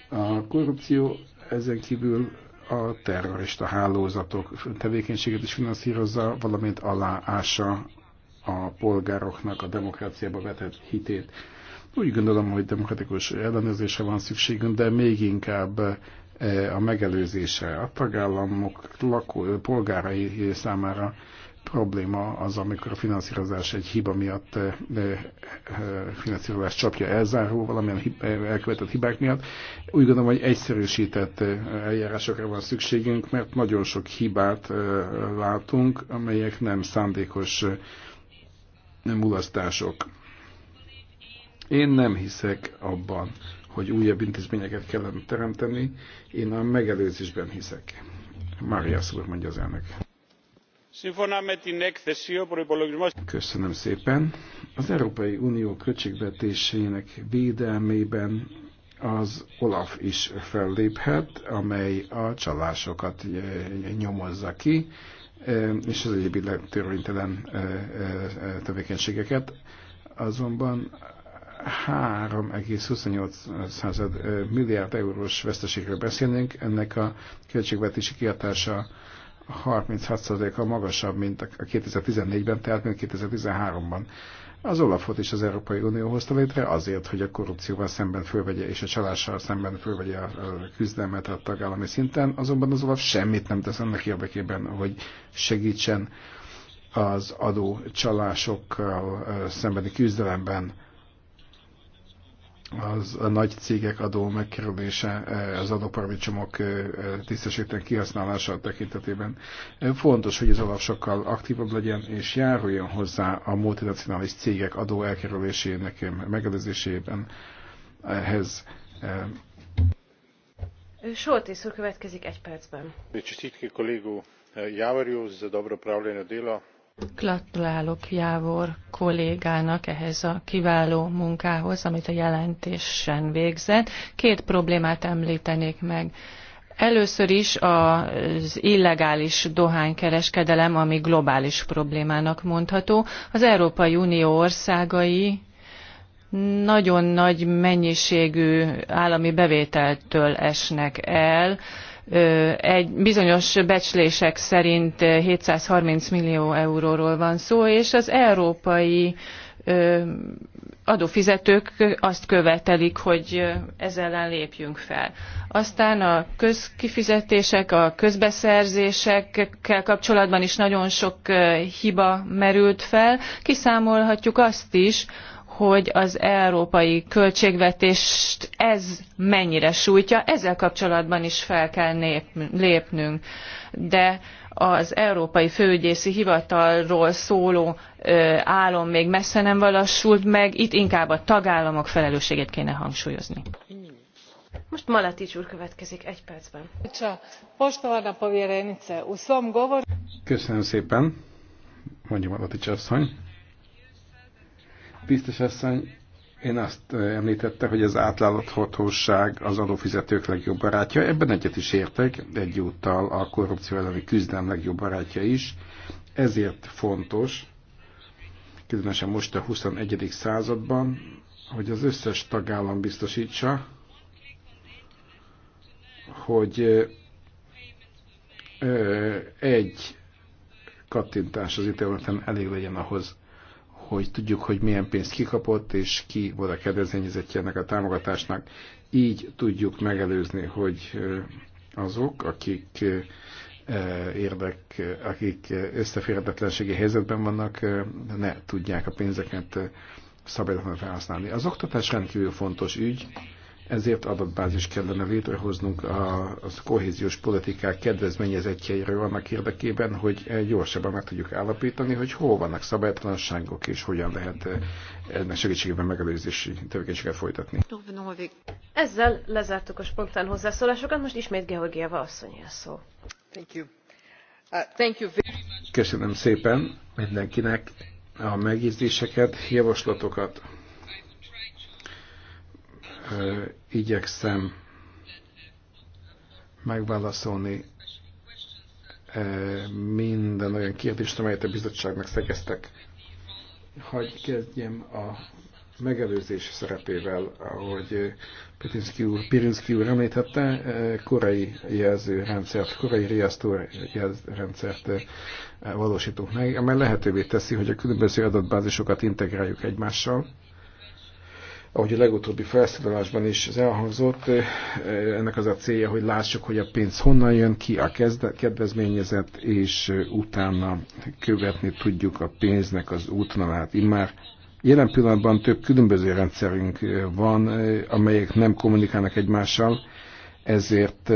A korrupció ezen kívül a terrorista hálózatok tevékenységet is finanszírozza, valamint aláása a polgároknak a demokráciába vetett hitét. Úgy gondolom, hogy demokratikus ellenőrzése van szükségünk, de még inkább eh, a megelőzése. A tagállamok lakó, polgárai számára probléma az, amikor a finanszírozás egy hiba miatt eh, eh, finanszírozás csapja elzáró valamilyen elkövetett hibák miatt. Úgy gondolom, hogy egyszerűsített eljárásokra van szükségünk, mert nagyon sok hibát látunk, amelyek nem szándékos mulasztások. Én nem hiszek abban, hogy újabb intézményeket kellene teremteni, én a megelőzésben hiszek. Mária úr mondja az elnök. Köszönöm szépen. Az Európai Unió költségvetésének védelmében az Olaf is felléphet, amely a csalásokat eh, nyomozza ki, és az egyéb illetérintetlen tevékenységeket. Azonban 3,28 milliárd eurós veszteségről beszélnénk, ennek a költségvetési kiadása 36 a magasabb, mint a 2014-ben, tehát mint 2013-ban. Az Olafot is az Európai Unió hozta létre azért, hogy a korrupcióval szemben fölvegye és a csalással szemben fölvegye a küzdelmet a tagállami szinten, azonban az Olaf semmit nem tesz annak érdekében, hogy segítsen az adócsalásokkal szembeni küzdelemben az a nagy cégek adó megkerülése, eh, az adóparadicsomok eh, eh, tisztességtelen kihasználása tekintetében. Fontos, hogy az alap sokkal aktívabb legyen, és járuljon hozzá a multinacionális cégek adó elkerülésének megelőzésében ehhez. Soltész úr következik egy percben. Csititki kollégó Jávarjó, za dobro pravljeno delo Gratulálok Jávor kollégának ehhez a kiváló munkához, amit a jelentésen végzett. Két problémát említenék meg. Először is az illegális dohánykereskedelem, ami globális problémának mondható. Az Európai Unió országai nagyon nagy mennyiségű állami bevételtől esnek el, egy bizonyos becslések szerint 730 millió euróról van szó, és az európai adófizetők azt követelik, hogy ezzel ellen lépjünk fel. Aztán a közkifizetések, a közbeszerzésekkel kapcsolatban is nagyon sok hiba merült fel. Kiszámolhatjuk azt is, hogy az európai költségvetést ez mennyire sújtja, ezzel kapcsolatban is fel kell nép lépnünk. De az Európai Főügyészi Hivatalról szóló álom még messze nem valósult meg, itt inkább a tagállamok felelősségét kéne hangsúlyozni. Most Malatics úr következik egy percben. Köszönöm szépen, mondja Malatics asszony Biztos asszony, én azt említette, hogy az átláthatóság az adófizetők legjobb barátja. Ebben egyet is értek, egyúttal a korrupció elleni küzdelem legjobb barátja is. Ezért fontos, különösen most a 21. században, hogy az összes tagállam biztosítsa, hogy egy kattintás az interneten elég legyen ahhoz, hogy tudjuk, hogy milyen pénzt kikapott, és ki volt a kedvezményezettje ennek a támogatásnak. Így tudjuk megelőzni, hogy azok, akik érdek, akik összeférhetetlenségi helyzetben vannak, ne tudják a pénzeket szabadon felhasználni. Az oktatás rendkívül fontos ügy, ezért adatbázis kellene létrehoznunk a, a kohéziós politikák kedvezményezettjeiről annak érdekében, hogy gyorsabban meg tudjuk állapítani, hogy hol vannak szabálytalanságok, és hogyan lehet eh, ennek segítségében megelőzési tevékenységet folytatni. Ezzel lezártuk a spontán hozzászólásokat, most ismét Georgieva asszony szó. Thank you. Uh, thank you very much. Köszönöm szépen mindenkinek a megjegyzéseket, javaslatokat igyekszem megválaszolni minden olyan kérdést, amelyet a bizottságnak szegeztek. Hogy kezdjem a megelőzés szerepével, ahogy Pirinszki úr, Pirinszki úr említette, korai jelzőrendszert, korai riasztó jelzőrendszert valósítunk meg, amely lehetővé teszi, hogy a különböző adatbázisokat integráljuk egymással, ahogy a legutóbbi felszólalásban is az elhangzott, eh, eh, ennek az a célja, hogy lássuk, hogy a pénz honnan jön ki, a kedvezményezett, és eh, utána követni tudjuk a pénznek az útvonalát. Immár jelen pillanatban több különböző rendszerünk van, amelyek nem kommunikálnak egymással, ezért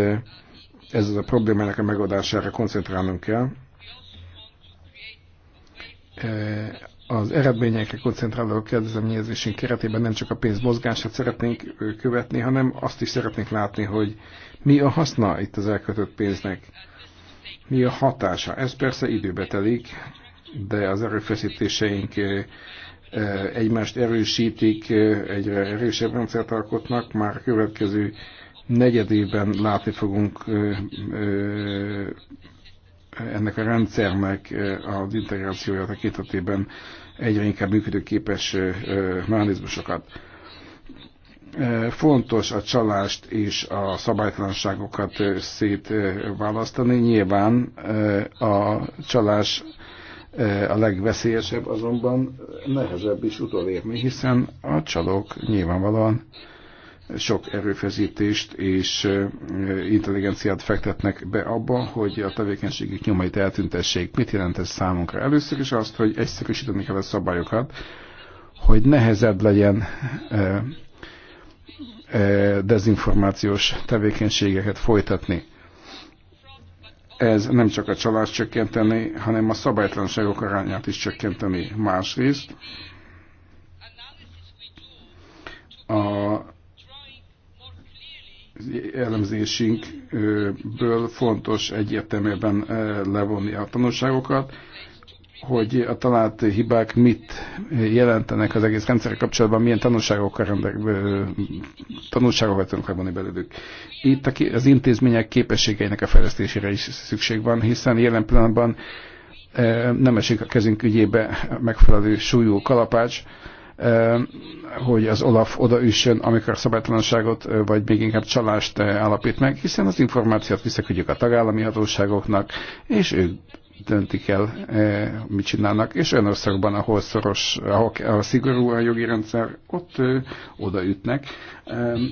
ez az a problémának a megoldására koncentrálnunk kell az eredményekre koncentráló kezdeményezésünk keretében nem csak a pénz mozgását szeretnénk követni, hanem azt is szeretnénk látni, hogy mi a haszna itt az elkötött pénznek, mi a hatása. Ez persze időbe telik, de az erőfeszítéseink egymást erősítik, egyre erősebb rendszert alkotnak, már a következő negyedében látni fogunk ennek a rendszernek az integrációja tekintetében egyre inkább működőképes mechanizmusokat. Fontos a csalást és a szabálytalanságokat szétválasztani. Nyilván a csalás a legveszélyesebb, azonban nehezebb is utolérni, hiszen a csalók nyilvánvalóan sok erőfeszítést és intelligenciát fektetnek be abba, hogy a tevékenységük nyomait eltüntessék. Mit jelent ez számunkra? Először is azt, hogy egyszerűsíteni kell a szabályokat, hogy nehezebb legyen dezinformációs tevékenységeket folytatni. Ez nem csak a csalás csökkenteni, hanem a szabálytlanságok arányát is csökkenteni másrészt. A elemzésünkből fontos egyértelműen eh, levonni a tanulságokat, hogy a talált hibák mit eh, jelentenek az egész rendszer kapcsolatban, milyen tanulságokkal rendek, eh, tanulságokat tudunk levonni belőlük. Itt az intézmények képességeinek a fejlesztésére is szükség van, hiszen jelen pillanatban nem esik a kezünk ügyébe megfelelő súlyú kalapács, hogy az Olaf odaüssön, amikor szabálytalanságot, vagy még inkább csalást állapít meg, hiszen az információt visszaküldjük a tagállami hatóságoknak, és ők döntik el, mit csinálnak, és olyan országban, ahol szoros, ahol, a szigorú a jogi rendszer, ott odaütnek,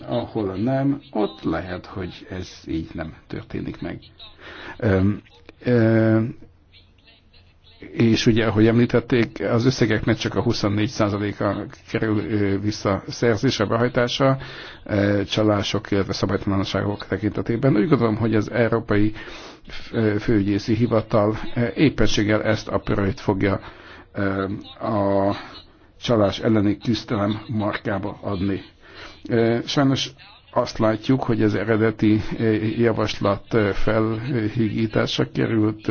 ahol nem, ott lehet, hogy ez így nem történik meg és ugye, ahogy említették, az összegeknek csak a 24%-a kerül vissza szerzésre, behajtása, csalások, illetve szabálytalanságok tekintetében. Úgy gondolom, hogy az Európai Főügyészi Hivatal éppenséggel ezt a pörőt fogja a csalás elleni küzdelem markába adni. Sajnos azt látjuk, hogy az eredeti javaslat felhígításra került,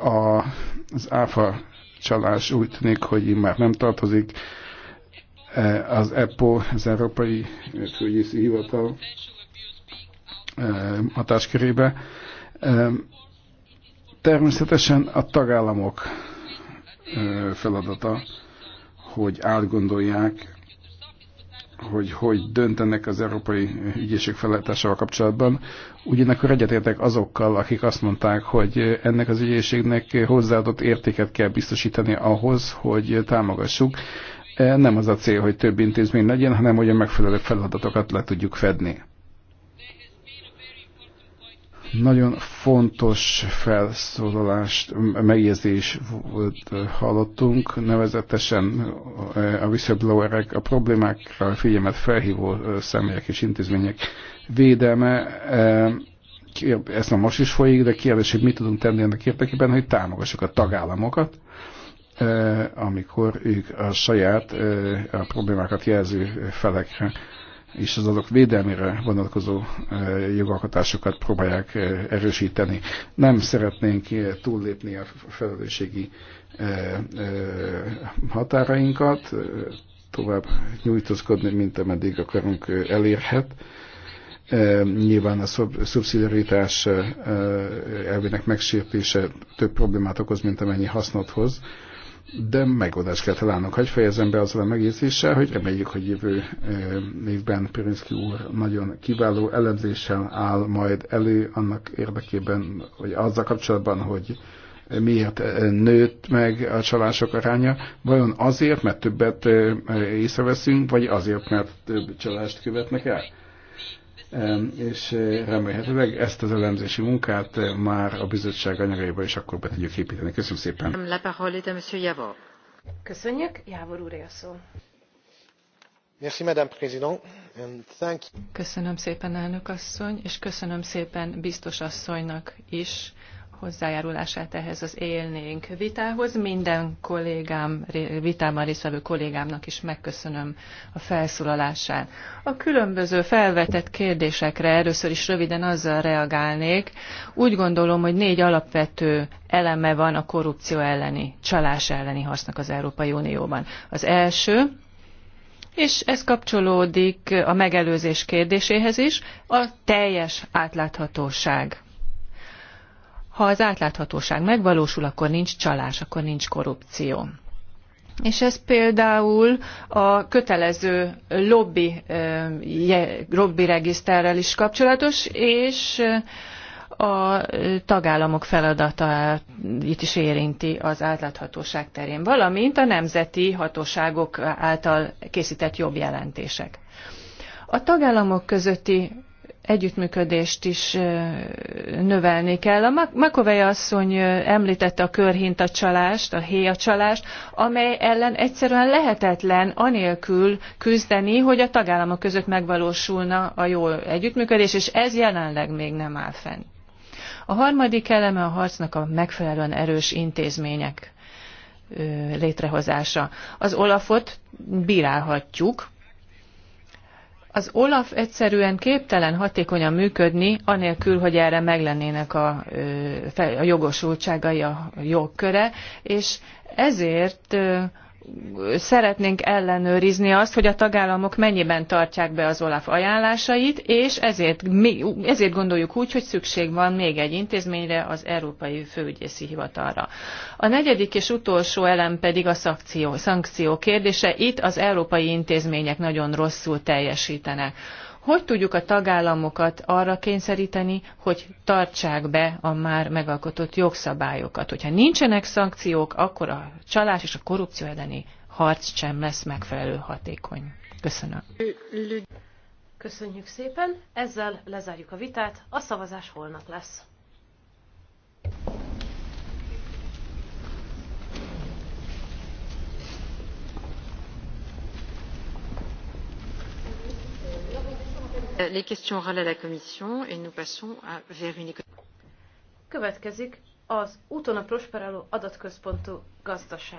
az áfa csalás úgy tűnik, hogy már nem tartozik e, az EPO, az Európai Főgyészi Hivatal e, hatáskörébe. E, természetesen a tagállamok feladata, hogy átgondolják hogy hogy döntenek az Európai Ügyészség felállításával kapcsolatban. Ugyanakkor egyetértek azokkal, akik azt mondták, hogy ennek az ügyészségnek hozzáadott értéket kell biztosítani ahhoz, hogy támogassuk. Nem az a cél, hogy több intézmény legyen, hanem hogy a megfelelő feladatokat le tudjuk fedni. Nagyon fontos felszólalást, megjegyzés volt, hallottunk, nevezetesen a whistleblowerek, a problémákra figyelmet felhívó személyek és intézmények védelme. Ez nem most is folyik, de kérdés, hogy mit tudunk tenni ennek érdekében, hogy támogassuk a tagállamokat, amikor ők a saját a problémákat jelző felekre és az azok védelmére vonatkozó jogalkotásokat próbálják erősíteni. Nem szeretnénk túllépni a felelősségi határainkat, tovább nyújtózkodni, mint ameddig akarunk elérhet. Nyilván a szubszidiaritás elvének megsértése több problémát okoz, mint amennyi hasznot hoz de megoldást kell találnunk. Hogy fejezem be azzal a megértéssel, hogy reméljük, hogy jövő évben Pirinszki úr nagyon kiváló elemzéssel áll majd elő annak érdekében, hogy azzal kapcsolatban, hogy miért nőtt meg a csalások aránya, vajon azért, mert többet észreveszünk, vagy azért, mert több csalást követnek el? és eh, remélhetőleg ezt az elemzési munkát eh, már a bizottság anyagaiba is akkor be tudjuk építeni. Köszönöm szépen. La parole monsieur Köszönjük, Jávor úr a szó. Merci, Madame Président. Thank you. Köszönöm szépen, elnök asszony, és köszönöm szépen biztos asszonynak is hozzájárulását ehhez az élnénk vitához. Minden kollégám, vitában résztvevő kollégámnak is megköszönöm a felszólalását. A különböző felvetett kérdésekre először is röviden azzal reagálnék. Úgy gondolom, hogy négy alapvető eleme van a korrupció elleni, csalás elleni harcnak az Európai Unióban. Az első, és ez kapcsolódik a megelőzés kérdéséhez is, a teljes átláthatóság ha az átláthatóság megvalósul, akkor nincs csalás, akkor nincs korrupció. És ez például a kötelező lobby, lobby regiszterrel is kapcsolatos, és a tagállamok feladata itt is érinti az átláthatóság terén, valamint a nemzeti hatóságok által készített jobb jelentések. A tagállamok közötti együttműködést is növelni kell. A Makovei asszony említette a körhinta csalást, a csalást, amely ellen egyszerűen lehetetlen anélkül küzdeni, hogy a tagállamok között megvalósulna a jó együttműködés, és ez jelenleg még nem áll fenn. A harmadik eleme a harcnak a megfelelően erős intézmények létrehozása. Az Olafot bírálhatjuk, az Olaf egyszerűen képtelen hatékonyan működni, anélkül, hogy erre meglennének a, a jogosultságai, a jogköre, és ezért szeretnénk ellenőrizni azt, hogy a tagállamok mennyiben tartják be az OLAF ajánlásait, és ezért, mi, ezért gondoljuk úgy, hogy szükség van még egy intézményre, az Európai Főügyészi Hivatalra. A negyedik és utolsó elem pedig a szankció, szankció kérdése. Itt az európai intézmények nagyon rosszul teljesítenek. Hogy tudjuk a tagállamokat arra kényszeríteni, hogy tartsák be a már megalkotott jogszabályokat? Hogyha nincsenek szankciók, akkor a csalás és a korrupció elleni harc sem lesz megfelelő hatékony. Köszönöm. Köszönjük szépen, ezzel lezárjuk a vitát, a szavazás holnap lesz. Következik az úton a prosperáló adatközpontú gazdaság.